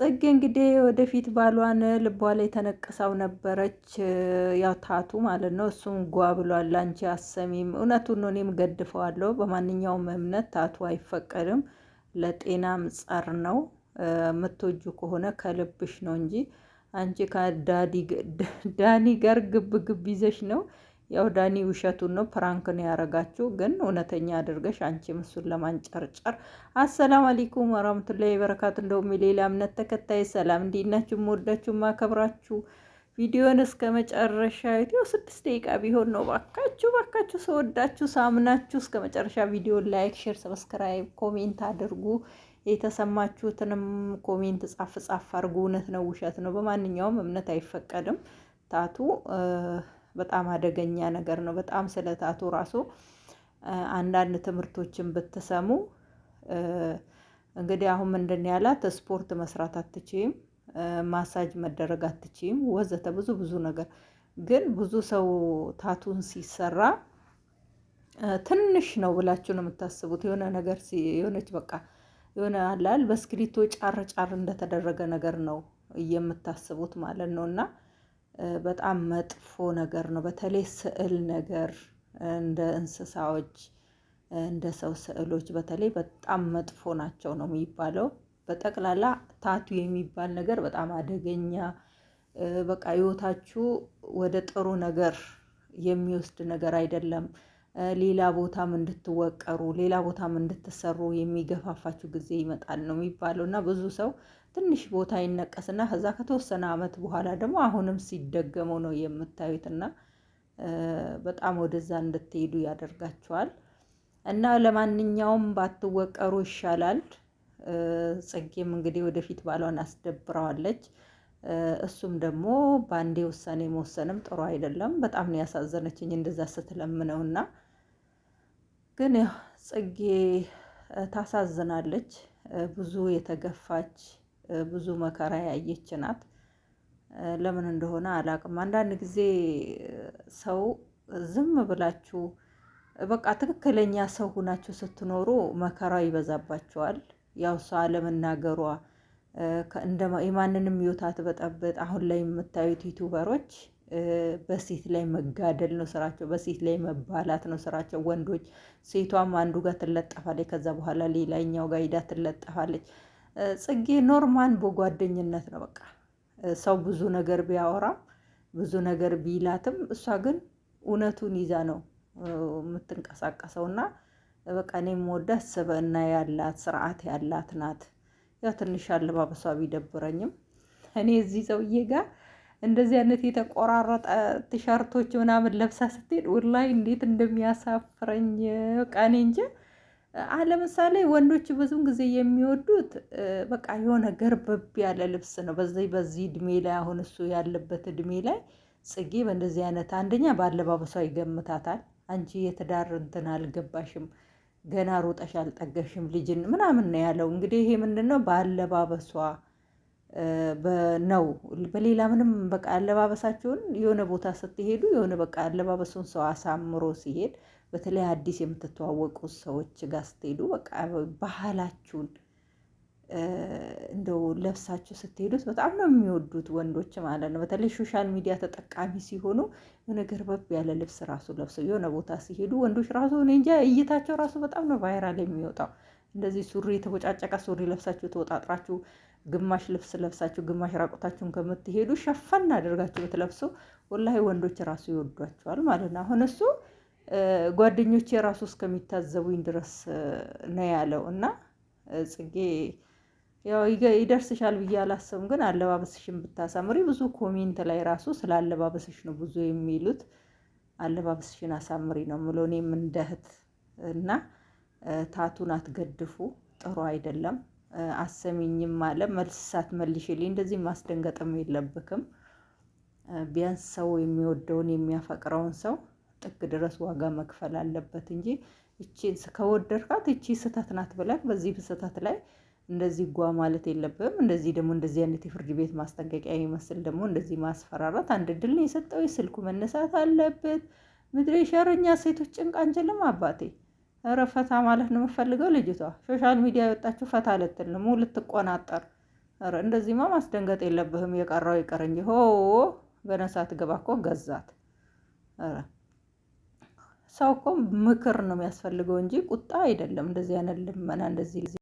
ጽጌ እንግዲህ ወደፊት ባሏን ልቧ ላይ ተነቅሳው ነበረች። ያው ታቱ ማለት ነው። እሱም ጓ ብሏል። አንቺ አሰሚም እውነቱን ነው። እኔም ገድፈዋለሁ። በማንኛውም እምነት ታቱ አይፈቀድም። ለጤናም ጸር ነው። የምትወጁ ከሆነ ከልብሽ ነው እንጂ አንቺ ከዳኒ ጋር ግብ ግብ ይዘሽ ነው ያው ዳኒ ውሸቱን ነው ፕራንክን ያረጋችሁ፣ ግን እውነተኛ አድርገሽ አንቺ ምሱን ለማንጨርጨር። አሰላም አለይኩም ወራህመቱላሂ በረካቱ። እንደውም የሌላ እምነት ተከታይ ሰላም፣ እንዲናችሁ ናችሁ? ማከብራችሁ ቪዲዮን እስከ መጨረሻ ቪዲዮ ስድስት ደቂቃ ቢሆን ነው። ባካችሁ ባካችሁ፣ ሰወዳችሁ ሳምናችሁ እስከ መጨረሻ ቪዲዮ ላይክ፣ ሼር፣ ሰብስክራይብ፣ ኮሜንት አድርጉ። የተሰማችሁትንም ኮሜንት ጻፍ ጻፍ አድርጉ። እውነት ነው ውሸት ነው በማንኛውም እምነት አይፈቀድም ታቱ በጣም አደገኛ ነገር ነው። በጣም ስለታቱ ራሱ አንዳንድ ትምህርቶችን ብትሰሙ እንግዲህ አሁን ምንድን ያላት ስፖርት መስራት አትችይም፣ ማሳጅ መደረግ አትችይም፣ ወዘተ ብዙ ብዙ ነገር። ግን ብዙ ሰው ታቱን ሲሰራ ትንሽ ነው ብላችሁ ነው የምታስቡት። የሆነ ነገር የሆነች በቃ የሆነ አላል በስክሪቶ ጫር ጫር እንደተደረገ ነገር ነው የምታስቡት ማለት ነው እና በጣም መጥፎ ነገር ነው። በተለይ ስዕል ነገር እንደ እንስሳዎች እንደ ሰው ስዕሎች በተለይ በጣም መጥፎ ናቸው ነው የሚባለው። በጠቅላላ ታቱ የሚባል ነገር በጣም አደገኛ በቃ ህይወታችሁ ወደ ጥሩ ነገር የሚወስድ ነገር አይደለም። ሌላ ቦታም እንድትወቀሩ ሌላ ቦታም እንድትሰሩ የሚገፋፋችሁ ጊዜ ይመጣል ነው የሚባለው። እና ብዙ ሰው ትንሽ ቦታ ይነቀስና ከዛ ከተወሰነ ዓመት በኋላ ደግሞ አሁንም ሲደገመው ነው የምታዩት። እና በጣም ወደዛ እንድትሄዱ ያደርጋችኋል። እና ለማንኛውም ባትወቀሩ ይሻላል። ጽጌም እንግዲህ ወደፊት ባሏን አስደብረዋለች። እሱም ደግሞ በአንዴ ውሳኔ መወሰንም ጥሩ አይደለም። በጣም ነው ያሳዘነችኝ እንደዛ ስትለምነውና ግን ያው ጽጌ ታሳዝናለች። ብዙ የተገፋች ብዙ መከራ ያየች ናት። ለምን እንደሆነ አላቅም። አንዳንድ ጊዜ ሰው ዝም ብላችሁ በቃ ትክክለኛ ሰው ሁናችሁ ስትኖሩ መከራው ይበዛባቸዋል። ያው እሷ አለመናገሯ የማንንም ሕይወት በጠብጥ አሁን ላይ የምታዩት ዩቱበሮች በሴት ላይ መጋደል ነው ስራቸው። በሴት ላይ መባላት ነው ስራቸው ወንዶች። ሴቷም አንዱ ጋር ትለጠፋለች፣ ከዛ በኋላ ሌላኛው ጋር ሂዳ ትለጠፋለች። ጽጌ ኖርማን በጓደኝነት ነው በቃ ሰው ብዙ ነገር ቢያወራም ብዙ ነገር ቢላትም እሷ ግን እውነቱን ይዛ ነው የምትንቀሳቀሰው እና በቃ እኔ የምወዳት ስብዕና ያላት ስርዓት ያላት ናት። ያው ትንሽ አለባበሷ ቢደብረኝም እኔ እዚህ ሰውዬ ጋር እንደዚህ አይነት የተቆራረጠ ቲሸርቶች ምናምን ለብሳ ስትሄድ ወላሂ እንዴት እንደሚያሳፍረኝ ቀኔ እንጂ ለምሳሌ ወንዶች ብዙን ጊዜ የሚወዱት በቃ የሆነ ገርበብ ያለ ልብስ ነው። በዚህ በዚህ እድሜ ላይ አሁን እሱ ያለበት እድሜ ላይ ጽጌ በእንደዚህ አይነት አንደኛ በአለባበሷ ይገምታታል። አንቺ የትዳር እንትን አልገባሽም፣ ገና ሮጠሽ አልጠገሽም ልጅን ምናምን ነው ያለው። እንግዲህ ይሄ ምንድን ነው በአለባበሷ ነው። በሌላ ምንም በቃ አለባበሳቸውን የሆነ ቦታ ስትሄዱ የሆነ በቃ አለባበሱን ሰው አሳምሮ ሲሄድ፣ በተለይ አዲስ የምትተዋወቁ ሰዎች ጋር ስትሄዱ በቃ ባህላችሁን እንደው ለብሳችሁ ስትሄዱት በጣም ነው የሚወዱት ወንዶች ማለት ነው። በተለይ ሶሻል ሚዲያ ተጠቃሚ ሲሆኑ የሆነ ገርበብ ያለ ልብስ ራሱ ለብሰው የሆነ ቦታ ሲሄዱ ወንዶች ራሱ እኔ እንጃ እይታቸው ራሱ በጣም ነው ቫይራል የሚወጣው። እንደዚህ ሱሪ የተቦጫጨቀ ሱሪ ለብሳችሁ ተወጣጥራችሁ ግማሽ ልብስ ለብሳችሁ ግማሽ ራቁታችሁን ከምትሄዱ ሸፈን አድርጋችሁ ብትለብሱ ወላሂ ወንዶች ራሱ ይወዷቸዋል ማለት ነው። አሁን እሱ ጓደኞቼ የራሱ እስከሚታዘቡኝ ድረስ ነው ያለው እና ጽጌ ያው ይደርስሻል ብዬ አላሰብም፣ ግን አለባበስሽን ብታሳምሪ ብዙ ኮሜንት ላይ ራሱ ስለ አለባበስሽ ነው ብዙ የሚሉት። አለባበስሽን አሳምሪ ነው ምሎ እኔም እንደ እህት እና ታቱን አትገድፉ፣ ጥሩ አይደለም። አሰሚኝም አለ መልስ ሳትመልሽልኝ እንደዚህ ማስደንገጥም የለብክም። ቢያንስ ሰው የሚወደውን የሚያፈቅረውን ሰው ጥግ ድረስ ዋጋ መክፈል አለበት እንጂ እቺን ከወደድካት እቺ ስህተት ናት ብለን በዚህ ስህተት ላይ እንደዚህ ጓ ማለት የለብም እንደዚህ ደግሞ እንደዚህ አይነት የፍርድ ቤት ማስጠንቀቂያ የሚመስል ደግሞ እንደዚህ ማስፈራራት አንድ ድል የሰጠው የስልኩ መነሳት አለበት። ምድሬ ሸረኛ ሴቶች ጭንቅ አንችልም አባቴ እረ ፈታ ማለት ነው የምፈልገው ልጅቷ። ሶሻል ሚዲያ የወጣችው ፈታ ልትል ነው ልትቆናጠር። እረ እንደዚህማ ማስደንገጥ የለብህም የቀረው ይቅር እንጂ ሆ በነሳት ገባ እኮ ገዛት። እረ ሰው እኮ ምክር ነው የሚያስፈልገው እንጂ ቁጣ አይደለም። እንደዚህ አይነት ልመና እንደዚህ